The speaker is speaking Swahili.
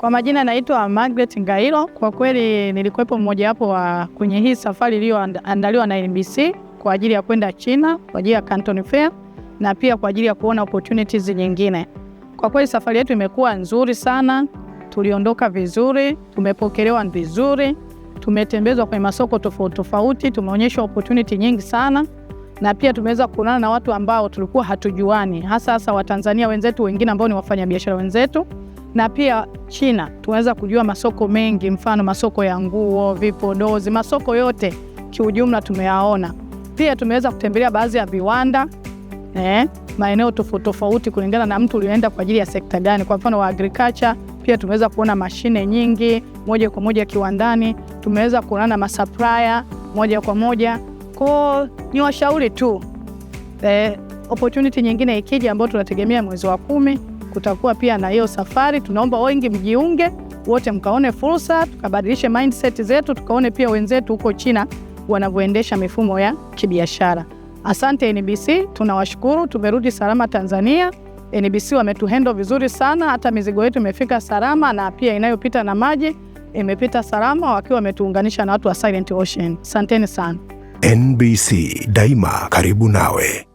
Kwa majina naitwa Margaret Ngailo. Kwa kweli nilikuwepo mmojawapo wa kwenye hii safari iliyoandaliwa na NBC kwa ajili ya kwenda China kwa ajili ya Canton Fair na pia kwa ajili ya kuona opportunities nyingine. Kwa kweli safari yetu imekuwa nzuri sana, tuliondoka vizuri, tumepokelewa vizuri, tumetembezwa kwenye masoko tofauti tofauti, tumeonyeshwa opportunity nyingi sana na pia tumeweza kuonana na watu ambao tulikuwa hatujuani, hasa hasa Watanzania wenzetu wengine ambao ni wafanyabiashara wenzetu na pia China tunaweza kujua masoko mengi, mfano masoko ya nguo, vipodozi, masoko yote kiujumla tumeyaona. Pia tumeweza kutembelea baadhi ya viwanda eh, maeneo tofauti tofauti kulingana na mtu ulioenda kwa ajili ya sekta gani. Kwa mfano wa agriculture, pia tumeweza kuona mashine nyingi moja kwa moja kiwandani, tumeweza kuona na masupplier moja kwa moja. ko ni washauri tu eh, opportunity nyingine ikija ambayo tunategemea mwezi wa kumi kutakuwa pia na hiyo safari. Tunaomba wengi mjiunge wote, mkaone fursa, tukabadilishe mindset zetu, tukaone pia wenzetu huko China wanavyoendesha mifumo ya kibiashara. Asante NBC, tunawashukuru. Tumerudi salama Tanzania. NBC wametuhendo vizuri sana, hata mizigo yetu imefika salama, na pia inayopita na maji imepita salama, wakiwa wametuunganisha na watu wa Silent Ocean. Asanteni sana. NBC daima karibu nawe.